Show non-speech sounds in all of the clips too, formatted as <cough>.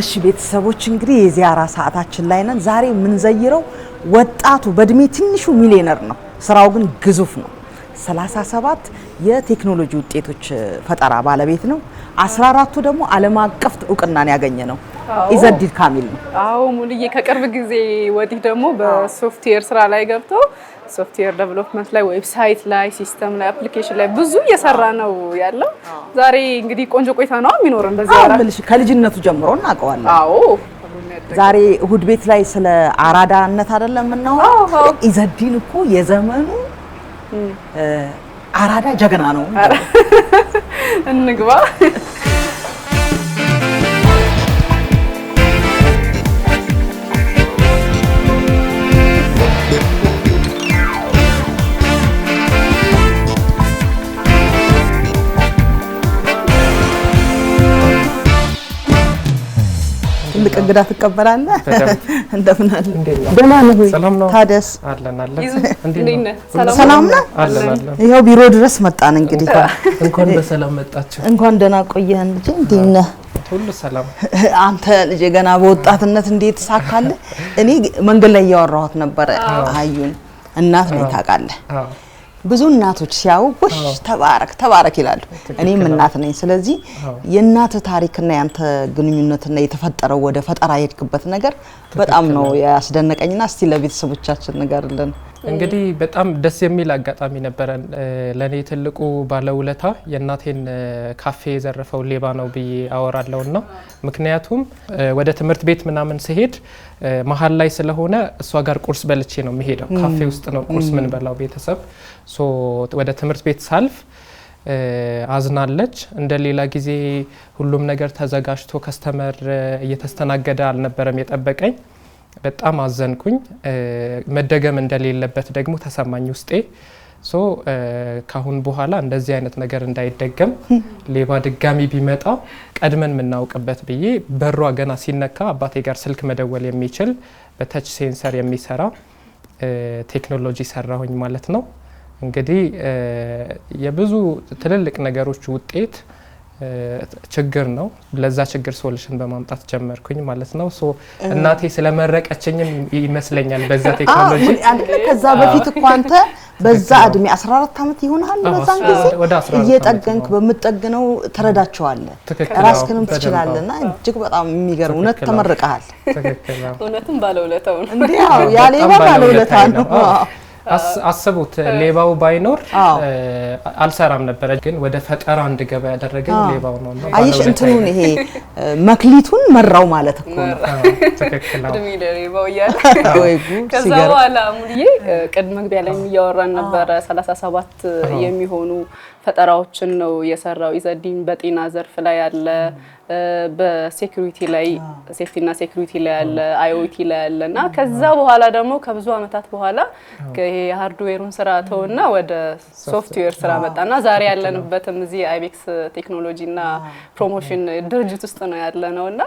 እሺ ቤተሰቦች እንግዲህ የዚያራ ሰዓታችን ላይ ነን። ዛሬ የምንዘይረው ወጣቱ በእድሜ ትንሹ ሚሊዮነር ነው። ስራው ግን ግዙፍ ነው። 37 የቴክኖሎጂ ውጤቶች ፈጠራ ባለቤት ነው። 14ቱ ደግሞ ዓለም አቀፍ እውቅናን ያገኘ ነው። ኢዘዲድ ካሚል ነው። አዎ ሙሉዬ፣ ከቅርብ ጊዜ ወዲህ ደግሞ በሶፍትዌር ስራ ላይ ገብቶ ሶፍትዌር ዴቨሎፕመንት ላይ፣ ዌብሳይት ላይ፣ ሲስተም ላይ፣ አፕሊኬሽን ላይ ብዙ እየሰራ ነው ያለው። ዛሬ እንግዲህ ቆንጆ ቆይታ ነው የሚኖረን። በዚህ ከልጅነቱ ጀምሮ እናውቀዋለን። አዎ ዛሬ እሁድ ቤት ላይ ስለ አራዳነት አይደለም የምናወራው። ኢዘዲን እኮ የዘመኑ አራዳ ጀግና ነው። <laughs> እንግባ ትልቅ እንግዳ ትቀበላለህ። እንደምን አለ? ደህና ነህ ወይ? ታዲያስ ሰላም ነህ? ይኸው ቢሮ ድረስ መጣን። እንግዲህ እንኳን በሰላም መጣችሁ። እንኳን ደህና ቆየህን ልጄ። እንዴት ነህ? ሁሉ ሰላም። <laughs> አንተ ልጄ ገና በወጣትነት እንዴት ሳካለህ። እኔ መንገድ ላይ እያወራኋት ነበረ አዩን እናት ነኝ ታውቃለህ ብዙ እናቶች ሲያዩ ወሽ ተባረክ ተባረክ ይላሉ። እኔም እናት ነኝ። ስለዚህ የእናት ታሪክና ያንተ ግንኙነትና የተፈጠረው ወደ ፈጠራ የሄድክበት ነገር በጣም ነው ያስደነቀኝና እስቲ ለቤተሰቦቻችን ንገርልን። እንግዲህ በጣም ደስ የሚል አጋጣሚ ነበረን። ለእኔ ትልቁ ባለውለታ የእናቴን ካፌ የዘረፈው ሌባ ነው ብዬ አወራለሁ ና ምክንያቱም ወደ ትምህርት ቤት ምናምን ስሄድ መሀል ላይ ስለሆነ እሷ ጋር ቁርስ በልቼ ነው የሚሄደው። ካፌ ውስጥ ነው ቁርስ ምን በላው ቤተሰብ ወደ ትምህርት ቤት ሳልፍ አዝናለች። እንደ ሌላ ጊዜ ሁሉም ነገር ተዘጋጅቶ ከስተመር እየተስተናገደ አልነበረም የጠበቀኝ በጣም አዘንኩኝ። መደገም እንደሌለበት ደግሞ ተሰማኝ ውስጤ። ሶ ካሁን በኋላ እንደዚህ አይነት ነገር እንዳይደገም <laughs> ሌባ ድጋሚ ቢመጣ ቀድመን የምናውቅበት ብዬ በሯ ገና ሲነካ አባቴ ጋር ስልክ መደወል የሚችል በተች ሴንሰር የሚሰራ ቴክኖሎጂ ሰራሁኝ ማለት ነው። እንግዲህ የብዙ ትልልቅ ነገሮች ውጤት ችግር ነው። ለዛ ችግር ሶሉሽን በማምጣት ጀመርኩኝ ማለት ነው። ሶ እናቴ ስለመረቀችኝም ይመስለኛል በዛ ቴክኖሎጂ ከዛ በፊት እኮ አንተ በዛ እድሜ 14 ዓመት ይሆናል። በዛን ጊዜ እየጠገንክ በምትጠግነው ተረዳቸዋለ፣ ራስክንም ትችላለና እጅግ በጣም የሚገርም እውነት ተመርቀሃል። እውነትም ባለውለታው ነው እንዲ ያሌባ ባለውለታ ነው። አስቡት ሌባው ባይኖር አልሰራም ነበረ። ግን ወደ ፈጠራ እንድገባ ያደረገ ሌባው ነው። አይሽ እንትኑን ይሄ መክሊቱን መራው ማለት እኮ ነው። እድሜ ከዛ በኋላ ሙሉዬ ቅድ መግቢያ ላይ እያወራን ነበረ። ሰላሳ ሰባት የሚሆኑ ፈጠራዎችን ነው የሰራው ኢዘዲን በጤና ዘርፍ ላይ ያለ በሴኩሪቲ ላይ ሴፍቲና ሴኩሪቲ ላይ ያለ አይኦቲ ላይ ያለ እና ከዛ በኋላ ደግሞ ከብዙ አመታት በኋላ ይሄ የሀርድዌሩን ስራ ተውና ወደ ሶፍትዌር ስራ መጣና ዛሬ ያለንበትም እዚህ አይቤክስ እና ፕሮሞሽን ድርጅት ውስጥ ነው ያለ ነው እና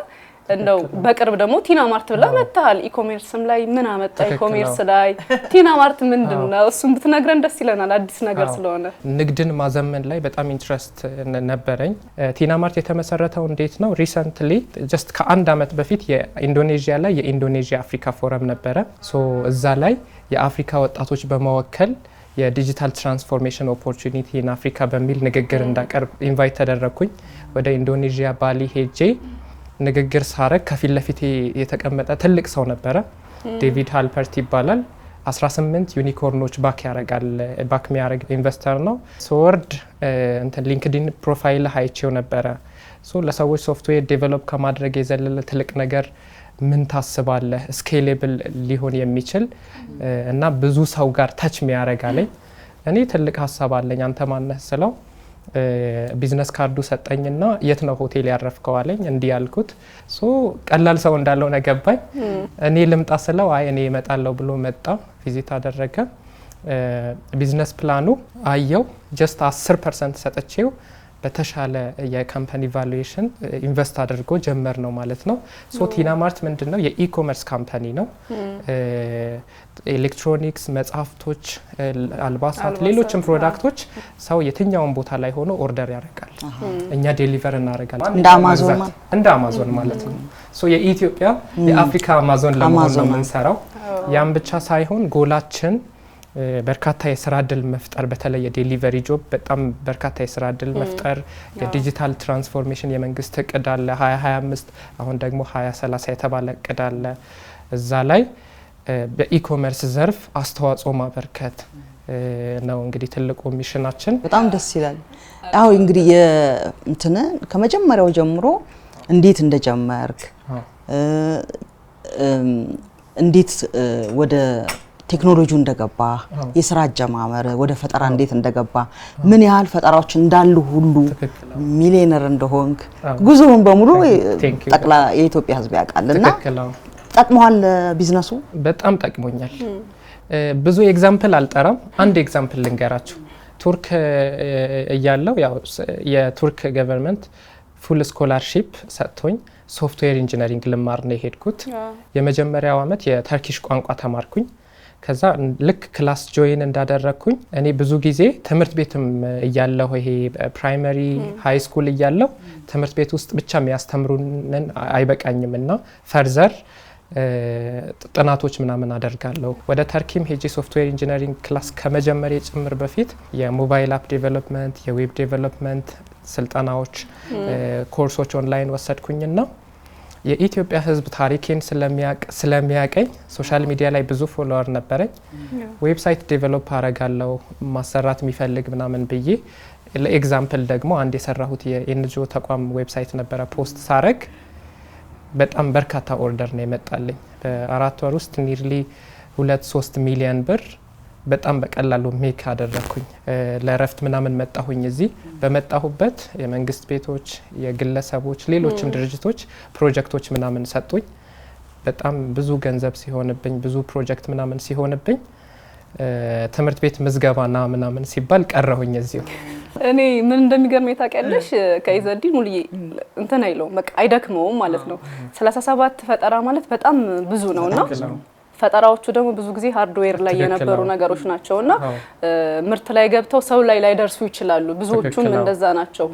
እንደው በቅርብ ደግሞ ቲና ማርት ብላ መጣል ኢኮሜርስም ላይ ምን አመጣ? ኢኮሜርስ ላይ ቲና ማርት ምንድን ነው? እሱም ብትነግረን ደስ ይለናል፣ አዲስ ነገር ስለሆነ። ንግድን ማዘመን ላይ በጣም ኢንትረስት ነበረኝ። ቲና ማርት የተመሰረተው እንዴት ነው? ሪሰንትሊ ጀስት ከአንድ አመት በፊት የኢንዶኔዥያ ላይ የኢንዶኔዥያ አፍሪካ ፎረም ነበረ። ሶ እዛ ላይ የአፍሪካ ወጣቶች በመወከል የዲጂታል ትራንስፎርሜሽን ኦፖርቹኒቲ ኢን አፍሪካ በሚል ንግግር እንዳቀርብ ኢንቫይት ተደረግኩኝ። ወደ ኢንዶኔዥያ ባሊ ሄጄ ንግግር ሳረግ ከፊት ለፊት የተቀመጠ ትልቅ ሰው ነበረ። ዴቪድ ሃልፐርት ይባላል። 18 ዩኒኮርኖች ባክ ያረጋል። ባክ የሚያደረግ ኢንቨስተር ነው። ስወርድ እንትን ሊንክዲን ፕሮፋይል አይቼው ነበረ። ለሰዎች ሶፍትዌር ዴቨሎፕ ከማድረግ የዘለለ ትልቅ ነገር ምን ታስባለህ? ስኬሌብል ሊሆን የሚችል እና ብዙ ሰው ጋር ተች ሚያረግ አለኝ። እኔ ትልቅ ሀሳብ አለኝ አንተ ማነህ ስለው ቢዝነስ ካርዱ ሰጠኝና የት ነው ሆቴል ያረፍከው አለኝ። እንዲህ ያልኩት ቀላል ሰው እንዳለው ነገባኝ። እኔ ልምጣ ስለው አይ እኔ እመጣለሁ ብሎ መጣ። ቪዚት አደረገ። ቢዝነስ ፕላኑ አየው። ጀስት 10 ፐርሰንት ሰጥቼው በተሻለ የካምፓኒ ቫሉዌሽን ኢንቨስት አድርጎ ጀመር ነው ማለት ነው። ሶ ቲና ማርት ምንድን ነው የኢኮመርስ ካምፓኒ ነው። ኤሌክትሮኒክስ፣ መጽሐፍቶች፣ አልባሳት፣ ሌሎችም ፕሮዳክቶች ሰው የትኛውን ቦታ ላይ ሆኖ ኦርደር ያደርጋል፣ እኛ ዴሊቨር እናደርጋለን። እንደ አማዞን ማለት ነው። የኢትዮጵያ የአፍሪካ አማዞን ለመሆን ነው የምንሰራው። ያም ብቻ ሳይሆን ጎላችን በርካታ የስራ እድል መፍጠር በተለይ የዴሊቨሪ ጆብ በጣም በርካታ የስራ እድል መፍጠር፣ የዲጂታል ትራንስፎርሜሽን የመንግስት እቅድ አለ 2025 አሁን ደግሞ 2030 የተባለ እቅድ አለ እዛ ላይ በኢኮመርስ ዘርፍ አስተዋጽኦ ማበርከት ነው እንግዲህ ትልቁ ሚሽናችን። በጣም ደስ ይላል። አሁ እንግዲህ እንትን ከመጀመሪያው ጀምሮ እንዴት እንደጀመርክ እንዴት ወደ ቴክኖሎጂ እንደገባ የስራ አጀማመር ወደ ፈጠራ እንዴት እንደገባ ምን ያህል ፈጠራዎች እንዳሉ ሁሉ ሚሊዮነር እንደሆንክ ጉዞውን በሙሉ ጠቅላላ የኢትዮጵያ ሕዝብ ያውቃል እና ጠቅመዋል ቢዝነሱ በጣም ጠቅሞኛል። ብዙ ኤግዛምፕል አልጠራም። አንድ ኤግዛምፕል ልንገራችሁ። ቱርክ እያለው ያው የቱርክ ገቨርንመንት ፉል ስኮላርሺፕ ሰጥቶኝ ሶፍትዌር ኢንጂነሪንግ ልማር ነው የሄድኩት። የመጀመሪያው ዓመት የተርኪሽ ቋንቋ ተማርኩኝ። ከዛ ልክ ክላስ ጆይን እንዳደረግኩኝ እኔ ብዙ ጊዜ ትምህርት ቤትም እያለሁ ይሄ ፕራይመሪ ሃይ ስኩል እያለሁ ትምህርት ቤት ውስጥ ብቻ የሚያስተምሩንን አይበቃኝም እና ፈርዘር ጥናቶች ምናምን አደርጋለሁ። ወደ ተርኪም ሄጂ ሶፍትዌር ኢንጂነሪንግ ክላስ ከመጀመር ጭምር በፊት የሞባይል አፕ ዴቨሎፕመንት፣ የዌብ ዴቨሎፕመንት ስልጠናዎች፣ ኮርሶች ኦንላይን ወሰድኩኝና የኢትዮጵያ ሕዝብ ታሪኬን ስለሚያቀኝ ሶሻል ሚዲያ ላይ ብዙ ፎሎወር ነበረኝ። ዌብሳይት ዴቨሎፕ አረጋለው ማሰራት የሚፈልግ ምናምን ብዬ ለኤግዛምፕል ደግሞ አንድ የሰራሁት የኤንጂኦ ተቋም ዌብሳይት ነበረ ፖስት ሳረግ በጣም በርካታ ኦርደር ነው የመጣልኝ። በአራት ወር ውስጥ ኒርሊ ሁለት ሶስት ሚሊዮን ብር በጣም በቀላሉ ሜክ አደረግኩኝ። ለእረፍት ምናምን መጣሁኝ እዚህ። በመጣሁበት የመንግስት ቤቶች፣ የግለሰቦች፣ ሌሎችም ድርጅቶች ፕሮጀክቶች ምናምን ሰጡኝ። በጣም ብዙ ገንዘብ ሲሆንብኝ ብዙ ፕሮጀክት ምናምን ሲሆንብኝ ትምህርት ቤት ምዝገባና ምናምን ሲባል ቀረሁኝ እዚሁ። እኔ ምን እንደሚገርመኝ ታውቂያለሽ? ከይዘዲ ሙልዬ እንትን አይለውም፣ በቃ አይደክመውም ማለት ነው። ሰላሳ ሰባት ፈጠራ ማለት በጣም ብዙ እና ፈጠራዎቹ ደግሞ ብዙ ጊዜ ሃርድዌር ላይ የነበሩ ነገሮች ናቸው እና ምርት ላይ ገብተው ሰው ላይ ላይደርሱ ይችላሉ። ብዙዎቹም እንደዛ ናቸው።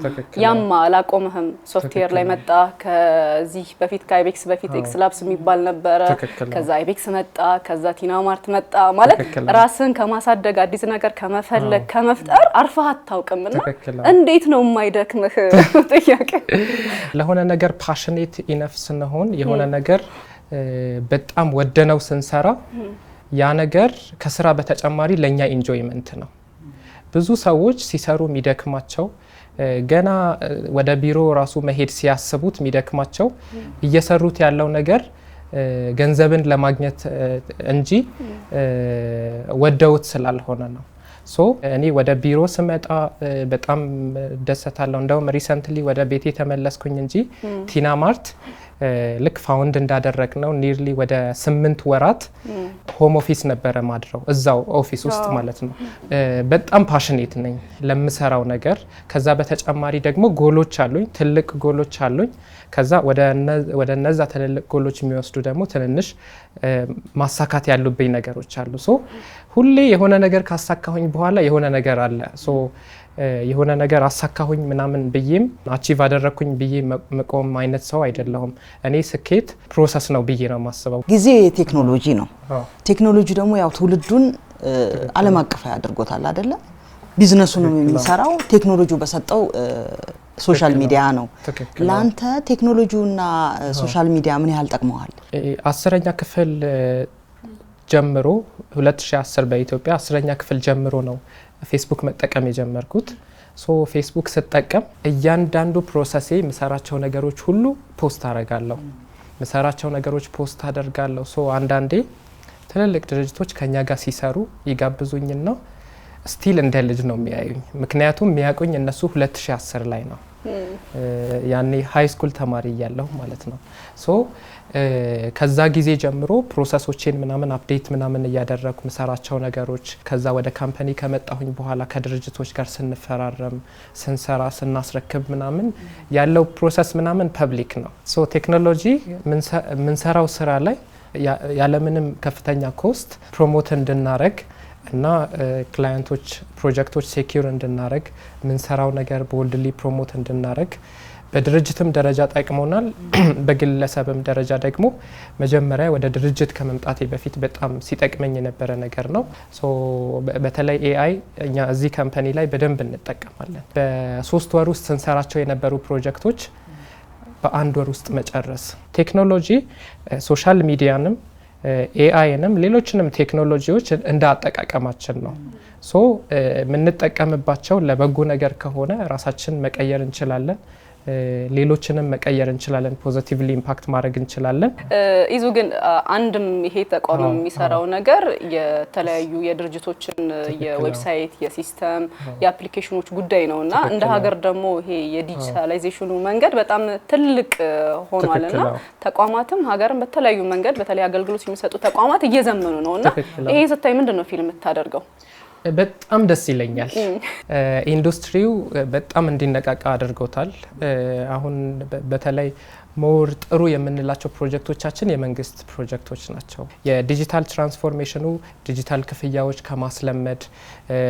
ያማ አላቆምህም። ሶፍትዌር ላይ መጣ። ከዚህ በፊት ከአይቤክስ በፊት ኤክስ ላብስ የሚባል ነበረ። ከዛ አይቤክስ መጣ። ከዛ ቲናማርት መጣ። ማለት ራስን ከማሳደግ አዲስ ነገር ከመፈለግ ከመፍጠር አርፈህ አታውቅም። ና እንዴት ነው የማይደክምህ <laughs> ጥያቄ ለሆነ ነገር ፓሽኔት ኢነፍ ስንሆን የሆነ ነገር በጣም ወደነው ስንሰራ ያ ነገር ከስራ በተጨማሪ ለእኛ ኢንጆይመንት ነው። ብዙ ሰዎች ሲሰሩ የሚደክማቸው ገና ወደ ቢሮ ራሱ መሄድ ሲያስቡት የሚደክማቸው እየሰሩት ያለው ነገር ገንዘብን ለማግኘት እንጂ ወደውት ስላልሆነ ነው። ሶ እኔ ወደ ቢሮ ስመጣ በጣም ደሰታለሁ። እንደውም ሪሰንትሊ ወደ ቤቴ ተመለስኩኝ እንጂ ቲና ማርት ልክ ፋውንድ እንዳደረግ ነው ኒርሊ ወደ ስምንት ወራት ሆም ኦፊስ ነበረ ማድረው እዛው ኦፊስ ውስጥ ማለት ነው። በጣም ፓሽኔት ነኝ ለምሰራው ነገር። ከዛ በተጨማሪ ደግሞ ጎሎች አሉኝ፣ ትልቅ ጎሎች አሉኝ። ከዛ ወደ እነዛ ትልልቅ ጎሎች የሚወስዱ ደግሞ ትንንሽ ማሳካት ያሉብኝ ነገሮች አሉ። ሶ ሁሌ የሆነ ነገር ካሳካሁኝ በኋላ የሆነ ነገር አለ የሆነ ነገር አሳካሁኝ ምናምን ብዬም አቺቭ አደረግኩኝ ብዬ መቆም አይነት ሰው አይደለሁም። እኔ ስኬት ፕሮሰስ ነው ብዬ ነው የማስበው። ጊዜ ቴክኖሎጂ ነው። ቴክኖሎጂ ደግሞ ያው ትውልዱን ዓለም አቀፋዊ አድርጎታል አይደለ? ቢዝነሱንም የሚሰራው ቴክኖሎጂው በሰጠው ሶሻል ሚዲያ ነው። ለአንተ ቴክኖሎጂውና ሶሻል ሚዲያ ምን ያህል ጠቅመዋል? አስረኛ ክፍል ጀምሮ 2010 በኢትዮጵያ አስረኛ ክፍል ጀምሮ ነው ፌስቡክ መጠቀም የጀመርኩት። ሶ ፌስቡክ ስጠቀም እያንዳንዱ ፕሮሰሴ የምሰራቸው ነገሮች ሁሉ ፖስት አደርጋለሁ። ምሰራቸው ነገሮች ፖስት አደርጋለሁ። ሶ አንዳንዴ ትልልቅ ድርጅቶች ከኛ ጋር ሲሰሩ ይጋብዙኝና ስቲል እንደ ልጅ ነው የሚያዩኝ። ምክንያቱም የሚያውቁኝ እነሱ 2010 ላይ ነው ያኔ ሀይ ስኩል ተማሪ እያለሁ ማለት ነው። ሶ ከዛ ጊዜ ጀምሮ ፕሮሰሶቼን ምናምን አፕዴት ምናምን እያደረግኩ ምሰራቸው ነገሮች ከዛ ወደ ካምፓኒ ከመጣሁኝ በኋላ ከድርጅቶች ጋር ስንፈራረም፣ ስንሰራ፣ ስናስረክብ ምናምን ያለው ፕሮሰስ ምናምን ፐብሊክ ነው። ሶ ቴክኖሎጂ ምንሰራው ስራ ላይ ያለምንም ከፍተኛ ኮስት ፕሮሞት እንድናረግ እና ክላየንቶች ፕሮጀክቶች ሴኪር እንድናደረግ የምንሰራው ነገር ቦልድሊ ፕሮሞት እንድናደረግ በድርጅትም ደረጃ ጠቅሞናል። <clears throat> በግለሰብም ደረጃ ደግሞ መጀመሪያ ወደ ድርጅት ከመምጣቴ በፊት በጣም ሲጠቅመኝ የነበረ ነገር ነው። በተለይ ኤአይ እኛ እዚህ ካምፓኒ ላይ በደንብ እንጠቀማለን። በሶስት ወር ውስጥ ስንሰራቸው የነበሩ ፕሮጀክቶች በአንድ ወር ውስጥ መጨረስ ቴክኖሎጂ ሶሻል ሚዲያንም ኤአይንም ሌሎችንም ቴክኖሎጂዎች እንደ አጠቃቀማችን ነው። ሶ የምንጠቀምባቸው ለበጎ ነገር ከሆነ ራሳችን መቀየር እንችላለን። ሌሎችንም መቀየር እንችላለን። ፖዘቲቭሊ ኢምፓክት ማድረግ እንችላለን። ይዙ ግን አንድም ይሄ ተቋም የሚሰራው ነገር የተለያዩ የድርጅቶችን የዌብሳይት የሲስተም የአፕሊኬሽኖች ጉዳይ ነው እና እንደ ሀገር ደግሞ ይሄ የዲጂታላይዜሽኑ መንገድ በጣም ትልቅ ሆኗል እና ተቋማትም ሀገርን በተለያዩ መንገድ በተለይ አገልግሎት የሚሰጡ ተቋማት እየዘመኑ ነው እና ይሄ ስታይ ምንድን ነው ፊልም የምታደርገው? በጣም ደስ ይለኛል። ኢንዱስትሪው በጣም እንዲነቃቃ አድርጎታል። አሁን በተለይ ሞር ጥሩ የምንላቸው ፕሮጀክቶቻችን የመንግስት ፕሮጀክቶች ናቸው። የዲጂታል ትራንስፎርሜሽኑ ዲጂታል ክፍያዎች ከማስለመድ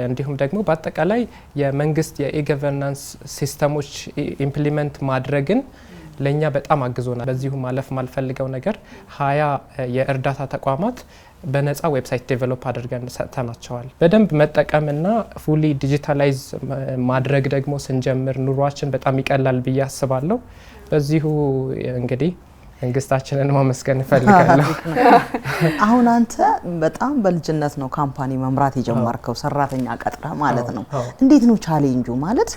እንዲሁም ደግሞ በአጠቃላይ የመንግስት የኢገቨርናንስ ሲስተሞች ኢምፕሊመንት ማድረግን ለእኛ በጣም አግዞናል። በዚሁ ማለፍ ማልፈልገው ነገር ሀያ የእርዳታ ተቋማት በነፃ ዌብሳይት ዴቨሎፕ አድርገን ሰጥተናቸዋል። በደንብ መጠቀምና ፉሊ ዲጂታላይዝ ማድረግ ደግሞ ስንጀምር ኑሯችን በጣም ይቀላል ብዬ አስባለሁ። በዚሁ እንግዲህ መንግስታችንን ማመስገን እፈልጋለሁ። <laughs> አሁን አንተ በጣም በልጅነት ነው ካምፓኒ መምራት የጀመርከው ሰራተኛ ቀጥረ ማለት ነው። እንዴት ነው ቻሌንጁ ማለት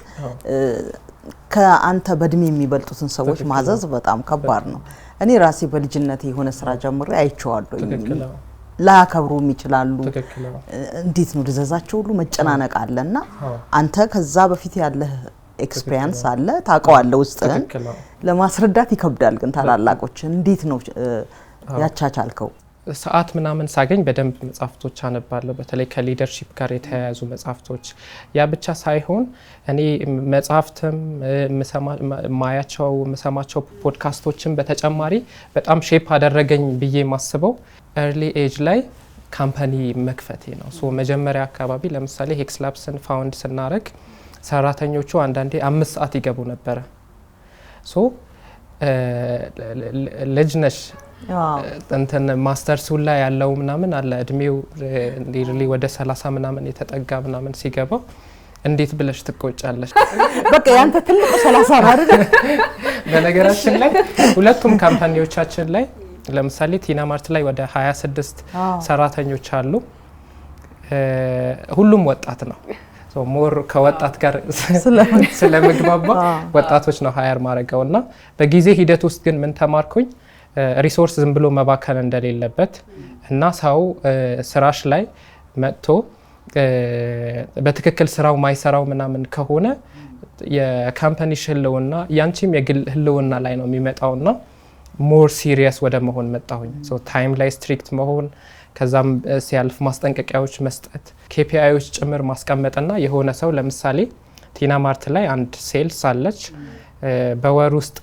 ከአንተ በእድሜ የሚበልጡትን ሰዎች ማዘዝ በጣም ከባድ ነው። እኔ ራሴ በልጅነት የሆነ ስራ ጀምሬ አይቼዋለሁ። ላያከብሩም ይችላሉ። እንዴት ነው ልዘዛቸው ሁሉ መጨናነቅ አለ እና አንተ ከዛ በፊት ያለህ ኤክስፔሪንስ አለ ታውቀዋለህ፣ ውስጥህን ለማስረዳት ይከብዳል። ግን ታላላቆች እንዴት ነው ያቻቻልከው? ሰዓት ምናምን ሳገኝ በደንብ መጽሐፍቶች አነባለሁ። በተለይ ከሊደርሺፕ ጋር የተያያዙ መጽሐፍቶች። ያ ብቻ ሳይሆን እኔ መጽሐፍትም ማያቸው የምሰማቸው ፖድካስቶችም በተጨማሪ በጣም ሼፕ አደረገኝ ብዬ የማስበው ኤርሊ ኤጅ ላይ ካምፓኒ መክፈቴ ነው። ሶ መጀመሪያ አካባቢ ለምሳሌ ሄክስላፕስን ፋውንድ ስናደረግ ሰራተኞቹ አንዳንዴ አምስት ሰዓት ይገቡ ነበረ። ሶ ልጅነሽ እንትን ማስተርሱ ላይ ያለው ምናምን አለ እድሜው ሊርሊ ወደ ሰላሳ ምናምን የተጠጋ ምናምን ሲገባው እንዴት ብለሽ ትቆጫለሽ? በቃ ያንተ ትልቁ ሰላሳ ነው አይደል? በነገራችን ላይ ሁለቱም ካምፓኒዎቻችን ላይ ለምሳሌ ቲና ማርት ላይ ወደ 26 ሰራተኞች አሉ። ሁሉም ወጣት ነው። ሞር ከወጣት ጋር ስለምግባባ ወጣቶች ነው ሀያር ማድረገው እና በጊዜ ሂደት ውስጥ ግን ምን ተማርኩኝ ሪሶርስ ዝም ብሎ መባከን እንደሌለበት እና ሰው ስራሽ ላይ መጥቶ በትክክል ስራው ማይሰራው ምናምን ከሆነ የካምፓኒሽ ህልውና ያንቺም የግል ህልውና ላይ ነው የሚመጣውና ሞር ሲሪየስ ወደ መሆን መጣሁኝ። ታይም ላይ ስትሪክት መሆን ከዛም ሲያልፍ ማስጠንቀቂያዎች መስጠት ኬፒአይዎች ጭምር ማስቀመጥና የሆነ ሰው ለምሳሌ ቲና ማርት ላይ አንድ ሴልስ አለች በወር ውስጥ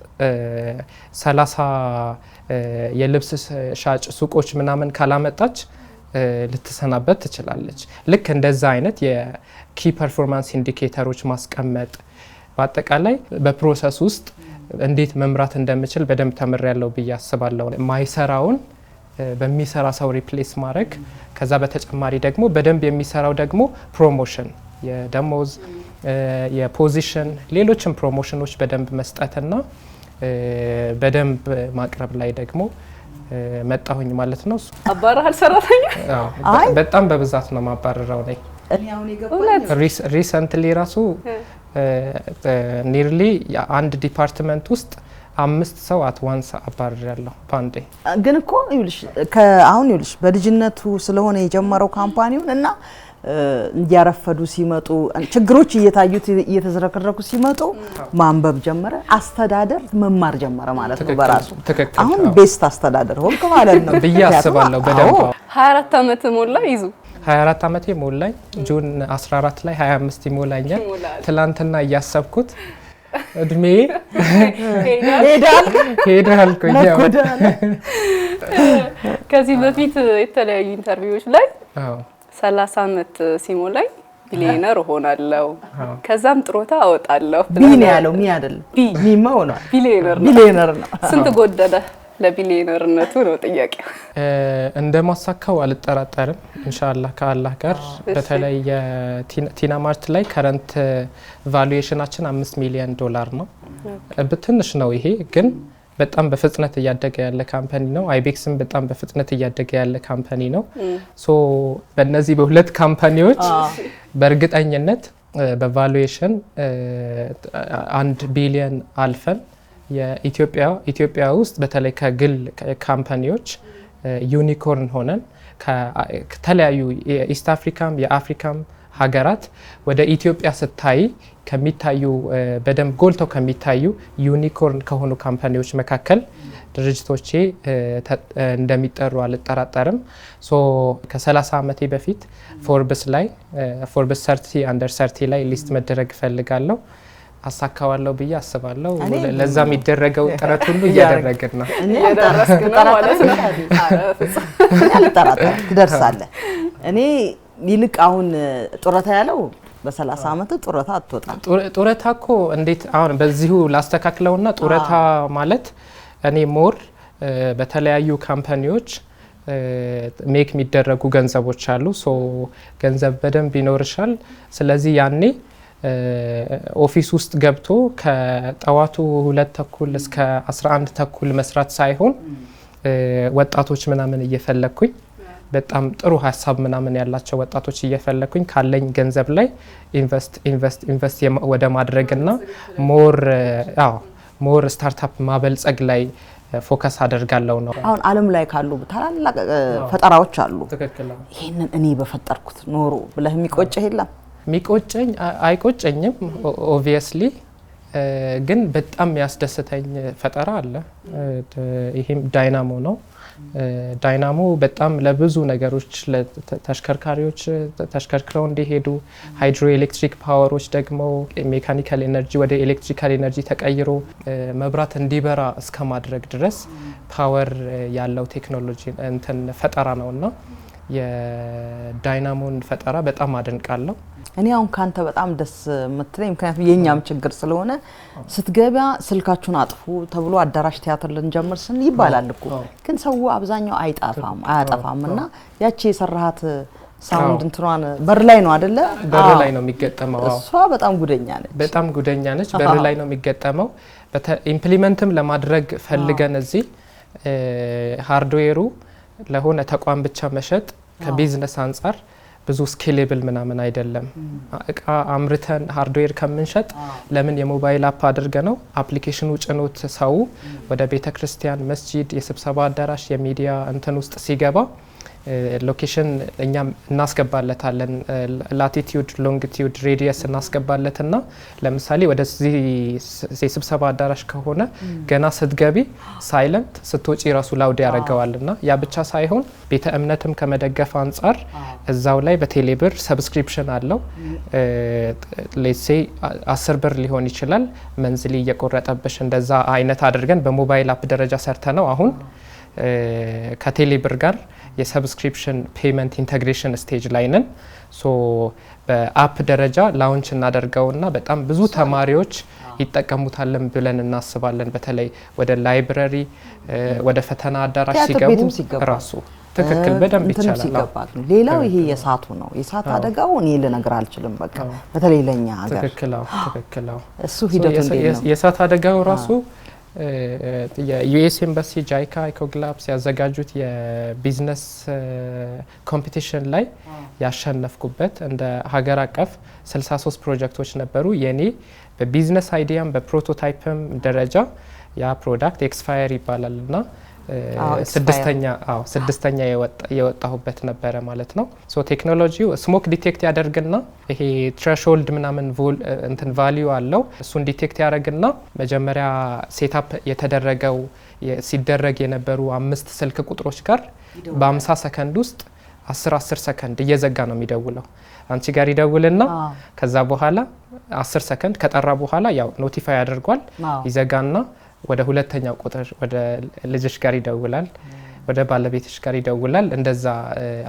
30 የልብስ ሻጭ ሱቆች ምናምን ካላመጣች ልትሰናበት ትችላለች። ልክ እንደዛ አይነት የኪ ፐርፎርማንስ ኢንዲኬተሮች ማስቀመጥ በአጠቃላይ በፕሮሰስ ውስጥ እንዴት መምራት እንደምችል በደንብ ተምሬያለሁ ብዬ አስባለሁ። ማይሰራውን በሚሰራ ሰው ሪፕሌስ ማድረግ፣ ከዛ በተጨማሪ ደግሞ በደንብ የሚሰራው ደግሞ ፕሮሞሽን የደሞዝ የፖዚሽን ሌሎችም ፕሮሞሽኖች በደንብ መስጠትና በደንብ ማቅረብ ላይ ደግሞ መጣሁኝ ማለት ነው። አባራሃል ሰራተኛ? በጣም በብዛት ነው ማባረረው ላይ ሪሰንትሊ ራሱ ኒርሊ አንድ ዲፓርትመንት ውስጥ አምስት ሰው አት ዋንስ አባረር ያለሁ በአንዴ። ግን እኮ ይኸውልሽ አሁን ይኸውልሽ በልጅነቱ ስለሆነ የጀመረው ካምፓኒውን እና እያረፈዱ ሲመጡ ችግሮች እየታዩት እየተዝረከረኩ ሲመጡ ማንበብ ጀመረ። አስተዳደር መማር ጀመረ ማለት ነው። በራሱ አሁን ቤስት አስተዳደር ሆንክ ማለት ነው ብዬ አስባለሁ። በደንብ 24 ዓመት ሞላ ይዙ 24 ዓመት ሞላኝ። ጁን 14 ላይ 25 ይሞላኛል። ትላንትና እያሰብኩት <laughs> እድሜ ሄዳል። ከዚህ በፊት የተለያዩ ኢንተርቪዎች ላይ ሰላሳ አመት ሲሞላኝ ቢሊየነር እሆናለሁ ከዛም ጥሮታ አወጣለሁ። ቢኒ ያለው ሚ አይደለም ሚማ ሆኗል። ቢሊየነር ቢሊየነር ነው። ስንት ጎደለ? ለቢሊየነርነቱ ነው ጥያቄው። እንደማሳካው አልጠራጠርም። ኢንሻአላህ ከአላህ ጋር በተለይ የቲና ማርት ላይ ከረንት ቫሉዌሽናችን አምስት ሚሊዮን ዶላር ነው። ትንሽ ነው ይሄ ግን በጣም በፍጥነት እያደገ ያለ ካምፓኒ ነው። አይቤክስም በጣም በፍጥነት እያደገ ያለ ካምፓኒ ነው። ሶ በእነዚህ በሁለት ካምፓኒዎች በእርግጠኝነት በቫሉዌሽን አንድ ቢሊየን አልፈን ኢትዮጵያ ውስጥ በተለይ ከግል ካምፓኒዎች ዩኒኮርን ሆነን ከተለያዩ የኢስት አፍሪካም የአፍሪካም ሀገራት ወደ ኢትዮጵያ ስታይ ከሚታዩ በደንብ ጎልተው ከሚታዩ ዩኒኮርን ከሆኑ ካምፓኒዎች መካከል ድርጅቶቼ እንደሚጠሩ አልጠራጠርም። ሶ ከ30 ዓመቴ በፊት ፎርብስ ላይ ፎርብስ ሰርቲ አንደር ሰርቲ ላይ ሊስት መደረግ እፈልጋለሁ። አሳካዋለሁ ብዬ አስባለሁ። ለዛ የሚደረገው ጥረት ሁሉ እያደረግን ነው። ትደርሳለህ። እኔ ይልቅ አሁን ጡረታ ያለው በሰላሳ ዓመት ጡረታ አትወጣም። ጡረታ እኮ እንዴት አሁን በዚሁ ላስተካክለውና ጡረታ ማለት እኔ ሞር በተለያዩ ካምፓኒዎች ሜክ የሚደረጉ ገንዘቦች አሉ። ሶ ገንዘብ በደንብ ይኖርሻል። ስለዚህ ያኔ ኦፊስ ውስጥ ገብቶ ከጠዋቱ ሁለት ተኩል እስከ 11 ተኩል መስራት ሳይሆን ወጣቶች ምናምን እየፈለግኩኝ በጣም ጥሩ ሀሳብ ምናምን ያላቸው ወጣቶች እየፈለኩኝ ካለኝ ገንዘብ ላይ ኢንቨስት ኢንቨስት ኢንቨስት ወደ ማድረግና ሞር ሞር ስታርታፕ ማበልጸግ ላይ ፎከስ አደርጋለሁ ነው። አሁን ዓለም ላይ ካሉ ታላላቅ ፈጠራዎች አሉ። ይህንን እኔ በፈጠርኩት ኖሮ ብለህ የሚቆጨህ የለም? የሚቆጨኝ አይቆጨኝም። ኦብቪየስሊ ግን በጣም ያስደስተኝ ፈጠራ አለ። ይህም ዳይናሞ ነው። ዳይናሞ በጣም ለብዙ ነገሮች ተሽከርካሪዎች ተሽከርክረው እንዲሄዱ፣ ሃይድሮ ኤሌክትሪክ ፓወሮች ደግሞ ሜካኒካል ኤነርጂ ወደ ኤሌክትሪካል ኤነርጂ ተቀይሮ መብራት እንዲበራ እስከ ማድረግ ድረስ ፓወር ያለው ቴክኖሎጂ እንትን ፈጠራ ነው እና የዳይናሞን ፈጠራ በጣም አደንቃለሁ። እኔ አሁን ካንተ በጣም ደስ የምትለኝ ምክንያቱም የእኛም ችግር ስለሆነ ስትገቢያ ስልካችሁን አጥፉ ተብሎ አዳራሽ ቲያትር ልንጀምር ስን ይባላል እኮ ግን ሰው አብዛኛው አይጠፋም አያጠፋም እና ያቺ የሰራሃት ሳውንድ እንትኗን በር ላይ ነው አደለ? በር ላይ ነው የሚገጠመው። እሷ በጣም ጉደኛ ነች፣ በጣም ጉደኛ ነች። በር <laughs> ላይ ነው የሚገጠመው። ኢምፕሊመንትም ለማድረግ ፈልገን እዚህ ሃርድዌሩ ለሆነ ተቋም ብቻ መሸጥ ከቢዝነስ አንጻር ብዙ ስኬሌብል ምናምን አይደለም። እቃ አምርተን ሃርድዌር ከምንሸጥ ለምን የሞባይል አፕ አድርገ ነው አፕሊኬሽኑ ጭኖት ሰው ወደ ቤተ ክርስቲያን፣ መስጂድ፣ የስብሰባ አዳራሽ፣ የሚዲያ እንትን ውስጥ ሲገባ ሎኬሽን እኛም እናስገባለታለን። ላቲቲዩድ፣ ሎንግቲዩድ፣ ሬዲየስ እናስገባለትና ለምሳሌ ወደዚህ የስብሰባ አዳራሽ ከሆነ ገና ስትገቢ ሳይለንት፣ ስትወጪ ራሱ ላውድ ያደርገዋልና ያ ብቻ ሳይሆን ቤተ እምነትም ከመደገፍ አንጻር እዛው ላይ በቴሌብር ሰብስክሪፕሽን አለው። ሌሴ አስር ብር ሊሆን ይችላል መንዝሊ እየቆረጠብሽ እንደዛ አይነት አድርገን በሞባይል አፕ ደረጃ ሰርተ ነው አሁን ከቴሌብር ጋር የሰብስክሪፕሽን ፔመንት ኢንተግሬሽን ስቴጅ ላይ ነን። ሶ በአፕ ደረጃ ላውንች እናደርገውና በጣም ብዙ ተማሪዎች ይጠቀሙታለን ብለን እናስባለን። በተለይ ወደ ላይብረሪ፣ ወደ ፈተና አዳራሽ ሲገቡ ራሱ ትክክል በደንብ ይቻላል። ሌላው ይሄ የእሳቱ ነው። የእሳት አደጋው እኔ ልነግር አልችልም። በቃ በተለይ ለኛ ሀገር ትክክል። እሱ ሂደት የእሳት አደጋው ራሱ የዩኤስ ኤምባሲ ጃይካ ኢኮግላፕስ ያዘጋጁት የቢዝነስ ኮምፒቲሽን ላይ ያሸነፍኩበት እንደ ሀገር አቀፍ 63 ፕሮጀክቶች ነበሩ። የኔ በቢዝነስ አይዲያም በፕሮቶታይፕም ደረጃ ያ ፕሮዳክት ኤክስፋየር ይባላል ና Uh, oh, ስድስተኛ የወጣሁበት ነበረ ማለት ነው። ሶ ቴክኖሎጂው ስሞክ ዲቴክት ያደርግና ይሄ ትሬሾልድ ምናምን እንትን ቫሊዩ አለው እሱን ዲቴክት ያደርግና መጀመሪያ ሴታፕ የተደረገው ሲደረግ የነበሩ አምስት ስልክ ቁጥሮች ጋር በ50 ሰከንድ ውስጥ አስር አስር ሰከንድ እየዘጋ ነው የሚደውለው። አንቺ ጋር ይደውልና ከዛ በኋላ አስር ሰከንድ ከጠራ በኋላ ያው ኖቲፋይ ያደርጓል ይዘጋና ወደ ሁለተኛው ቁጥር ወደ ልጅሽ ጋር ይደውላል፣ ወደ ባለቤትሽ ጋር ይደውላል። እንደዛ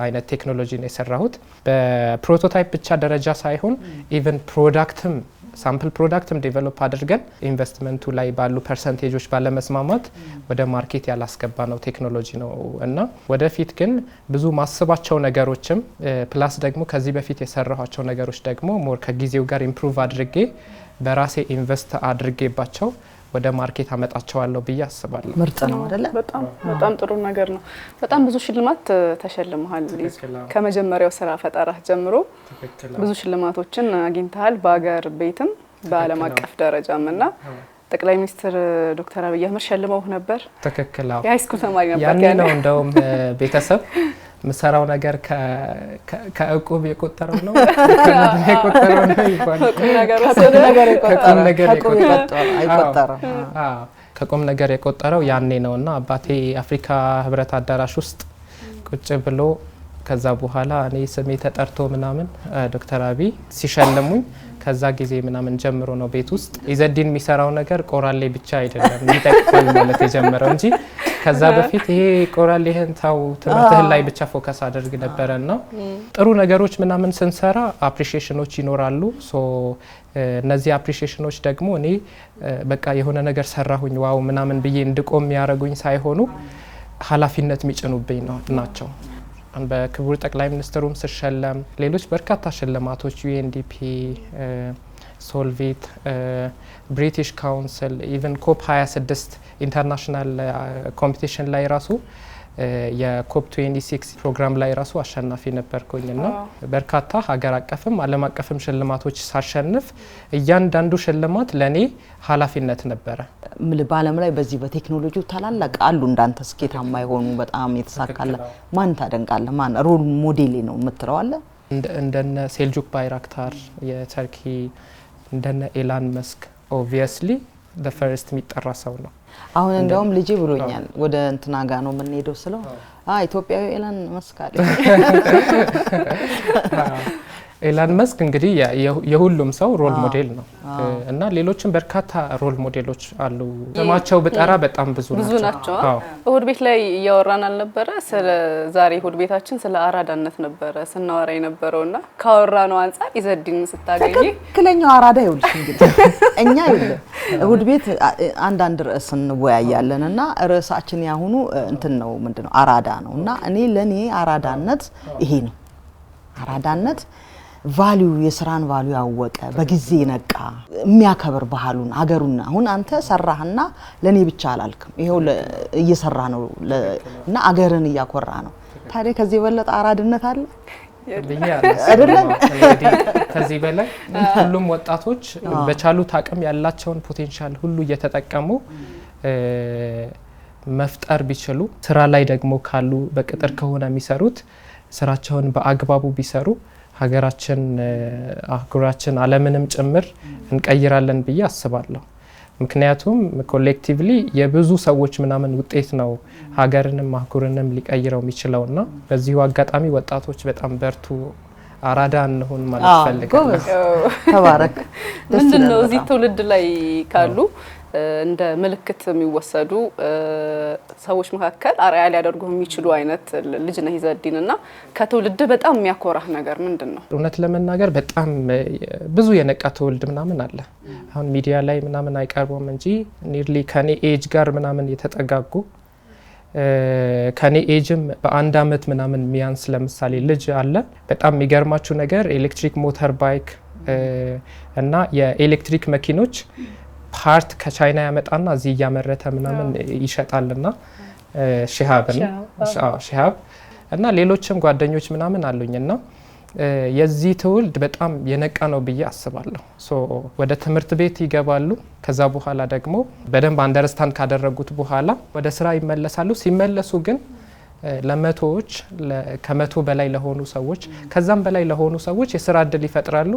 አይነት ቴክኖሎጂ ነው የሰራሁት። በፕሮቶታይፕ ብቻ ደረጃ ሳይሆን ኢቨን ፕሮዳክትም ሳምፕል ፕሮዳክትም ዴቨሎፕ አድርገን ኢንቨስትመንቱ ላይ ባሉ ፐርሰንቴጆች ባለመስማማት ወደ ማርኬት ያላስገባ ነው ቴክኖሎጂ ነው እና ወደፊት ግን ብዙ ማስባቸው ነገሮችም ፕላስ ደግሞ ከዚህ በፊት የሰራኋቸው ነገሮች ደግሞ ሞር ከጊዜው ጋር ኢምፕሩቭ አድርጌ በራሴ ኢንቨስት አድርጌባቸው ወደ ማርኬት አመጣቸዋለሁ ብዬ አስባለሁ። ምርጥ ነው አይደለ? በጣም በጣም ጥሩ ነገር ነው። በጣም ብዙ ሽልማት ተሸልመሃል። ከመጀመሪያው ስራ ፈጠራ ጀምሮ ብዙ ሽልማቶችን አግኝተሃል፣ በሀገር ቤትም በዓለም አቀፍ ደረጃም እና ጠቅላይ ሚኒስትር ዶክተር አብይ አህመድ ሸልመው ነበር። ትክክል። የሃይስኩል ተማሪ ነበር ነው እንደውም <laughs> ቤተሰብ ምሰራው ነገር ከእቁብ የቆጠረው ነው የቆጠረው ነው ይባላል። ነገር የቆጠረው ከቁም ነገር የቆጠረው ያኔ ነው እና አባቴ አፍሪካ ህብረት አዳራሽ ውስጥ ቁጭ ብሎ ከዛ በኋላ እኔ ስሜ ተጠርቶ ምናምን ዶክተር አብይ ሲሸልሙኝ ከዛ ጊዜ ምናምን ጀምሮ ነው ቤት ውስጥ ኢዘዲን የሚሰራው ነገር ቆራሌ ብቻ አይደለም ሚጠቅፋል ማለት የጀመረው እንጂ ከዛ በፊት ይሄ ቆራል ይሄን ታው ትምህርትህን ላይ ብቻ ፎከስ አድርግ ነበረን ነው። ጥሩ ነገሮች ምናምን ስንሰራ አፕሪሺዬሽኖች ይኖራሉ። ሶ እነዚህ አፕሪሺዬሽኖች ደግሞ እኔ በቃ የሆነ ነገር ሰራሁኝ ዋው ምናምን ብዬ እንድቆም ያደረጉኝ ሳይሆኑ ኃላፊነት የሚጭኑብኝ ናቸው። በክቡር ጠቅላይ ሚኒስትሩም ስሸለም ሌሎች በርካታ ሽልማቶች ዩኤንዲፒ ሶልቪት ብሪቲሽ ካውንስል ኢቨን ኮፕ 26 ኢንተርናሽናል ኮምፒቲሽን ላይ ራሱ uh, የኮፕ 26 ፕሮግራም ላይ ራሱ አሸናፊ ነበርኩኝ እና በርካታ ሀገር አቀፍም ዓለም አቀፍም ሽልማቶች ሳሸንፍ እያንዳንዱ ሽልማት ለእኔ ኃላፊነት ነበረ። በዓለም ላይ በዚህ በቴክኖሎጂ ታላላቅ አሉ እንዳንተ ስኬታማ የሆኑ በጣም የተሳካለ ማን ታደንቃለ? ማን ሮል ሞዴሌ ነው የምትለዋለ? እንደነ ሴልጁክ ባይራክታር የተርኪ እንደነ ኤላን መስክ ኦብቪየስሊ ፈርስት የሚጠራ ሰው ነው። አሁን እንደውም ልጅ ብሎኛል ወደ እንትና ጋ ነው የምንሄደው ስለው ኢትዮጵያዊ ኤላን መስክ አለ <laughs> ኤላን መስክ እንግዲህ የሁሉም ሰው ሮል ሞዴል ነው እና ሌሎችም በርካታ ሮል ሞዴሎች አሉ። ስማቸው ብጠራ በጣም ብዙ ብዙ ናቸው። እሁድ ቤት ላይ እያወራን አልነበረ? ስለ ዛሬ እሁድ ቤታችን ስለ አራዳነት ነበረ ስናወራ የነበረው እና ካወራ ነው አንጻር ይዘድን ስታገኝ ትክክለኛው አራዳ ይኸውልሽ፣ እንግዲህ <laughs> እኛ ይለ እሁድ ቤት አንዳንድ ርዕስ እንወያያለን እና ርዕሳችን ያሁኑ እንትን ነው ምንድነው አራዳ ነው እና እኔ ለእኔ አራዳነት ይሄ ነው አራዳነት ቫሊዩ የስራን ቫሊዩ ያወቀ በጊዜ ነቃ የሚያከብር ባህሉን አገሩን። አሁን አንተ ሰራህና ለእኔ ብቻ አላልክም። ይኸው እየሰራ ነው እና አገርን እያኮራ ነው። ታዲያ ከዚህ የበለጠ አራድነት አለ ከዚህ በላይ ሁሉም ወጣቶች በቻሉት አቅም ያላቸውን ፖቴንሻል ሁሉ እየተጠቀሙ መፍጠር ቢችሉ ስራ ላይ ደግሞ ካሉ በቅጥር ከሆነ የሚሰሩት ስራቸውን በአግባቡ ቢሰሩ ሀገራችን፣ አህጉራችን፣ ዓለምንም ጭምር እንቀይራለን ብዬ አስባለሁ። ምክንያቱም ኮሌክቲቭሊ የብዙ ሰዎች ምናምን ውጤት ነው ሀገርንም አህጉርንም ሊቀይረው የሚችለው እና በዚሁ አጋጣሚ ወጣቶች በጣም በርቱ፣ አራዳ እንሆን ማለት ፈልጋለሁ። ተባረክ። ምንድን ነው እዚህ ትውልድ ላይ ካሉ እንደ ምልክት የሚወሰዱ ሰዎች መካከል አርአያ ሊያደርጉ የሚችሉ አይነት ልጅ ነህ ይዘዲን እና ከትውልድ በጣም የሚያኮራህ ነገር ምንድን ነው? እውነት ለመናገር በጣም ብዙ የነቃ ትውልድ ምናምን አለ። አሁን ሚዲያ ላይ ምናምን አይቀርቡም እንጂ ኒርሊ ከኔ ኤጅ ጋር ምናምን የተጠጋጉ ከኔ ኤጅም በአንድ አመት ምናምን ሚያንስ ለምሳሌ ልጅ አለ። በጣም የሚገርማችሁ ነገር ኤሌክትሪክ ሞተር ባይክ እና የኤሌክትሪክ መኪኖች ፓርት ከቻይና ያመጣና እዚህ እያመረተ ምናምን ይሸጣልና ሺሃብን ሺሃብ እና ሌሎችም ጓደኞች ምናምን አሉኝ የዚህ ትውልድ በጣም የነቃ ነው ብዬ አስባለሁ። ወደ ትምህርት ቤት ይገባሉ። ከዛ በኋላ ደግሞ በደንብ አንደርስታንድ ካደረጉት በኋላ ወደ ስራ ይመለሳሉ። ሲመለሱ ግን ለመቶዎች ከመቶ በላይ ለሆኑ ሰዎች ከዛም በላይ ለሆኑ ሰዎች የስራ እድል ይፈጥራሉ።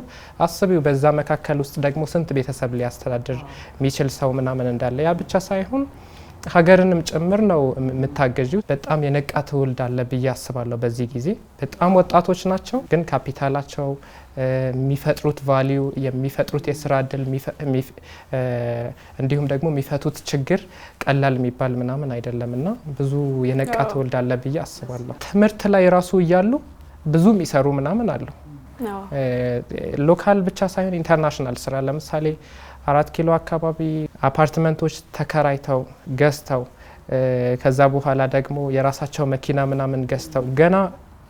አስቢው በዛ መካከል ውስጥ ደግሞ ስንት ቤተሰብ ሊያስተዳድር የሚችል ሰው ምናምን እንዳለ ያ ብቻ ሳይሆን ሀገርንም ጭምር ነው የምታገዢው። በጣም የነቃ ትውልድ አለ ብዬ አስባለሁ። በዚህ ጊዜ በጣም ወጣቶች ናቸው፣ ግን ካፒታላቸው የሚፈጥሩት ቫሊዩ የሚፈጥሩት የስራ እድል እንዲሁም ደግሞ የሚፈቱት ችግር ቀላል የሚባል ምናምን አይደለም እና ብዙ የነቃ ትውልድ አለ ብዬ አስባለሁ። ትምህርት ላይ ራሱ እያሉ ብዙ የሚሰሩ ምናምን አሉ። ሎካል ብቻ ሳይሆን ኢንተርናሽናል ስራ ለምሳሌ አራት ኪሎ አካባቢ አፓርትመንቶች ተከራይተው ገዝተው ከዛ በኋላ ደግሞ የራሳቸው መኪና ምናምን ገዝተው ገና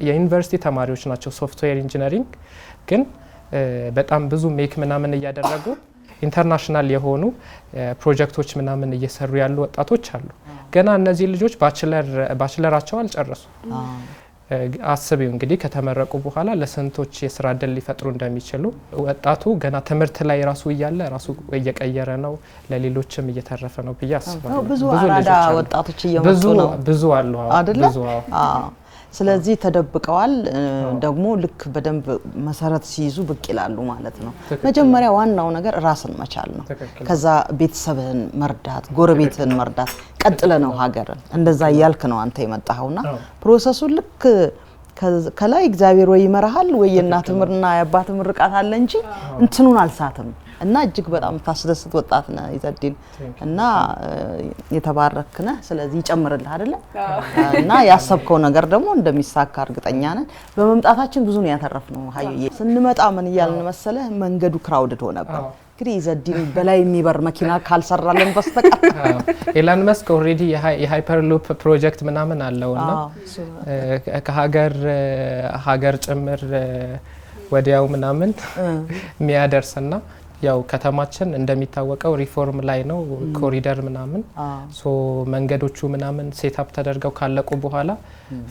የዩኒቨርሲቲ ተማሪዎች ናቸው። ሶፍትዌር ኢንጂነሪንግ ግን በጣም ብዙ ሜክ ምናምን እያደረጉ ኢንተርናሽናል የሆኑ ፕሮጀክቶች ምናምን እየሰሩ ያሉ ወጣቶች አሉ። ገና እነዚህ ልጆች ባችለራቸው አልጨረሱ አስቢ እንግዲህ ከተመረቁ በኋላ ለስንቶች የስራ እድል ሊፈጥሩ እንደሚችሉ ወጣቱ ገና ትምህርት ላይ ራሱ እያለ ራሱ እየቀየረ ነው፣ ለሌሎችም እየተረፈ ነው ብዬ አስባለሁ። ብዙ አራዳ ወጣቶች እየመጡ ነው። ብዙ አሉ አይደለ? ስለዚህ ተደብቀዋል ደግሞ ልክ በደንብ መሰረት ሲይዙ ብቅ ይላሉ ማለት ነው። መጀመሪያ ዋናው ነገር ራስን መቻል ነው። ከዛ ቤተሰብህን መርዳት፣ ጎረቤትህን መርዳት፣ ቀጥለ ነው ሀገርን። እንደዛ እያልክ ነው አንተ የመጣኸውና ፕሮሰሱ ልክ ከላይ እግዚአብሔር ወይ ይመራሃል ወይ የእናት ምርና የአባት ምርቃት አለ እንጂ እንትኑን አልሳትም። እና እጅግ በጣም ታስደስት ወጣት ነህ ይዘዲን እና የተባረክ ነህ። ስለዚህ ይጨምርልህ አይደለ? እና ያሰብከው ነገር ደግሞ እንደሚሳካ እርግጠኛ ነን። በመምጣታችን ብዙ ነው ያተረፍነው። ሀዩዬ ስንመጣ ምን እያልን መሰለህ መንገዱ ክራውድድ ሆነብን። እንግዲህ ኢዘዲን በላይ የሚበር መኪና ካልሰራለን በስተቀር ኢላን መስክ ኦልሬዲ የሃይፐር ሉፕ ፕሮጀክት ምናምን አለው አለውና ከሀገር ሀገር ጭምር ወዲያው ምናምን የሚያደርስ ና ያው ከተማችን እንደሚታወቀው ሪፎርም ላይ ነው። ኮሪደር ምናምን ሶ መንገዶቹ ምናምን ሴታፕ ተደርገው ካለቁ በኋላ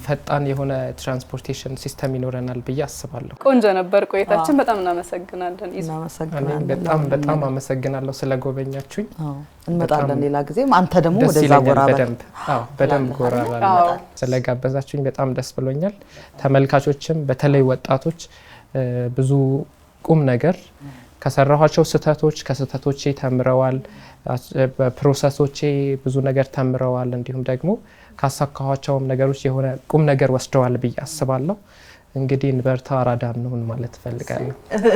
ፈጣን የሆነ ትራንስፖርቴሽን ሲስተም ይኖረናል ብዬ አስባለሁ። ቆንጆ ነበር ቆይታችን። በጣም እናመሰግናለን። በጣም በጣም አመሰግናለሁ ስለጎበኛችሁኝ። እንመጣለን ሌላ ጊዜ። አንተ ደግሞ ወደዛ ጎራ በደንብ በደንብ ስለጋበዛችሁኝ በጣም ደስ ብሎኛል። ተመልካቾችም በተለይ ወጣቶች ብዙ ቁም ነገር ከሰራኋቸው ስህተቶች ከስህተቶቼ ተምረዋል። በፕሮሰሶቼ ብዙ ነገር ተምረዋል። እንዲሁም ደግሞ ካሳካኋቸውም ነገሮች የሆነ ቁም ነገር ወስደዋል ብዬ አስባለሁ። እንግዲህ እንበርታ፣ አራዳ እንሆን ማለት እፈልጋለሁ።